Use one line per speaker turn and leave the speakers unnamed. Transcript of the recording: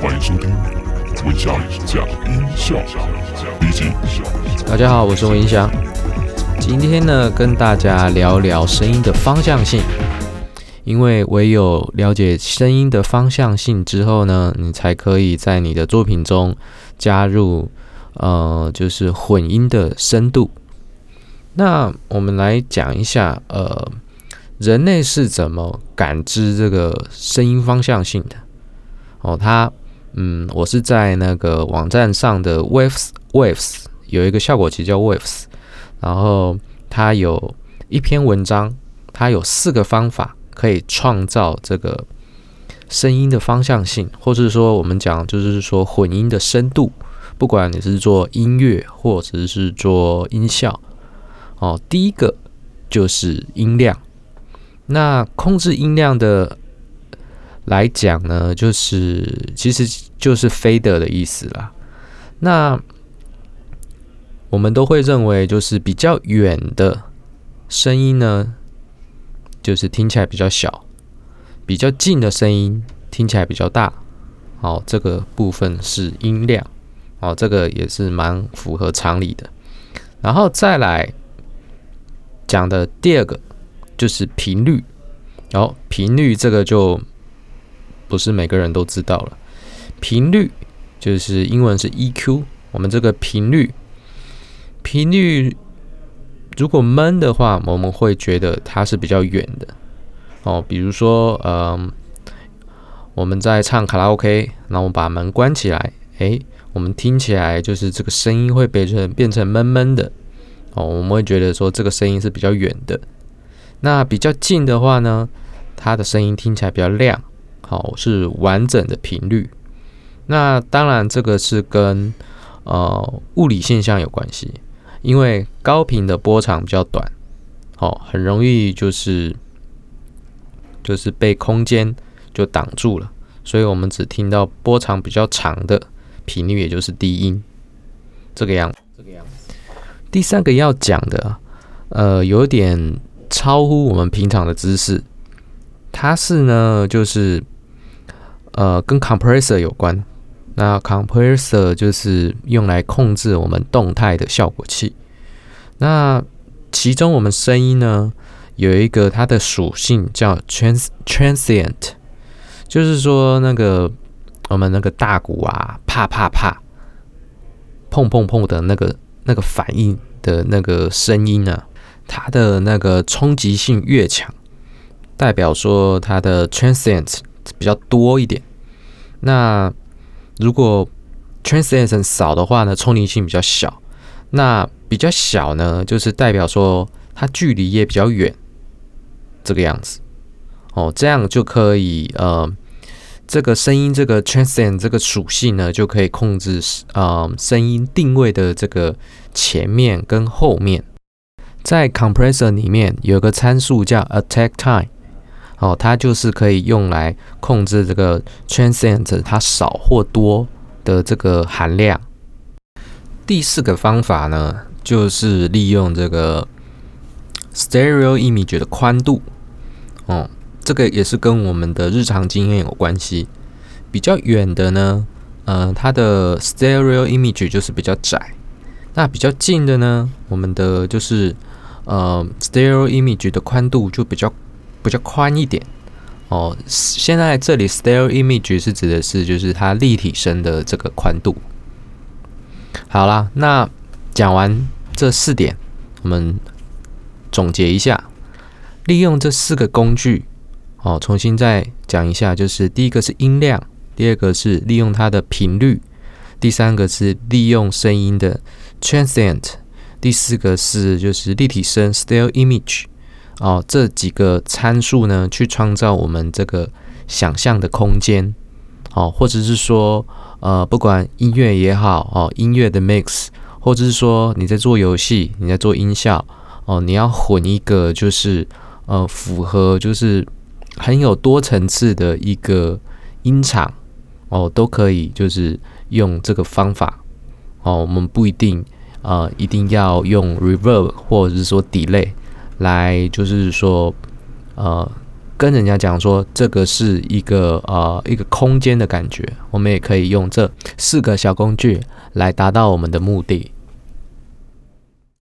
歡迎收聽《文祥講音效》第十集。大家好，我是文祥。今天呢，跟大家聊聊聲音的方向性。因為唯有了解聲音的方向性之後呢，你才可以在你的作品中加入呃，就是混音的深度。那我們來講一下呃，人類是怎麼感知這個聲音方向性的哦，它。嗯，我是在那個網站上的 Waves，Waves，Waves，有一個效果器叫 Waves，然後它有一篇文章，它有四個方法可以創造這個聲音的方向性，或者說我們講就是說混音的深度，不管你是做音樂或者是做音效，哦，第一個就是音量，那控制音量的。來講呢，就是其實就是 fader 的意思啦。那我們都會認為，就是比較遠的聲音呢，就是聽起來比較小；比較近的聲音聽起來比較大。哦，這個部分是音量。哦，這個也是蠻符合常理的。然後再來講的第二個就是頻率。然後，哦，頻率這個就。不是每個人都知道了。頻率就是英文是 EQ。我們這個頻率，頻率如果悶的話，我們會覺得它是比較遠的哦。比如說，嗯，我們在唱卡拉 OK，那我們把門關起來，誒，我們聽起來就是這個聲音會變成變成悶悶的哦。我們會覺得說這個聲音是比較遠的。那比較近的話呢，它的聲音聽起來比較亮。好，是完整的頻率。那當然，這個是跟呃物理現象有關係，因為高頻的波長比較短，好、哦，很容易就是就是被空間就擋住了，所以我們只聽到波長比較長的頻率，也就是低音，這個樣子，這個樣子。第三個要講的，呃，有點超乎我們平常的知識。它是呢，就是呃，跟 compressor 有關。那 compressor 就是用來控制我們動態的效果器。那其中我們聲音呢，有一個它的屬性叫 trans transient，就是說那個我們那個大鼓啊，啪啪啪、砰砰砰的那個那個反應的那個聲音呢、啊，它的那個衝擊性越強。代表說它的 transient 比較多一點，那如果 transient 少的話呢，衝擊性比較小。那比較小呢，就是代表說它距離也比較遠，這個樣子。哦，這樣就可以，呃，這個聲音這個 transient 這個屬性呢，就可以控制啊呃聲音定位的這個前面跟後面。在 compressor 裡面有個參數叫 attack time。哦，它就是可以用來控制這個 transient 它少或多的這個含量。第四個方法呢，就是利用這個 stereo image 的寬度。哦，這個也是跟我們的日常經驗有關係。比較遠的呢，呃，它的 stereo image 就是比較窄。那比較近的呢，我們的就是呃 stereo image 的寬度就比較。比較寬一點哦。現在這裡，style image 是指的是就是它立體聲的這個寬度。好了，那講完這四點，我們總結一下，利用這四個工具哦，重新再講一下，就是第一個是音量，第二個是利用它的頻率，第三個是利用聲音的 transient，第四個是就是立體聲 style image。哦，這幾個參數呢，去創造我們這個想象的空間，哦，或者是說，呃，不管音樂也好，哦，音樂的 mix，或者是說你在做遊戲，你在做音效，哦，你要混一個就是，呃，符合就是很有多層次的一個音場，哦，都可以就是用這個方法，哦，我們不一定，呃，一定要用 reverb 或者是說 delay。來，就是說，呃，跟人家講說，這個是一個呃一個空間的感覺，我們也可以用這四個小工具來達到我們的目的。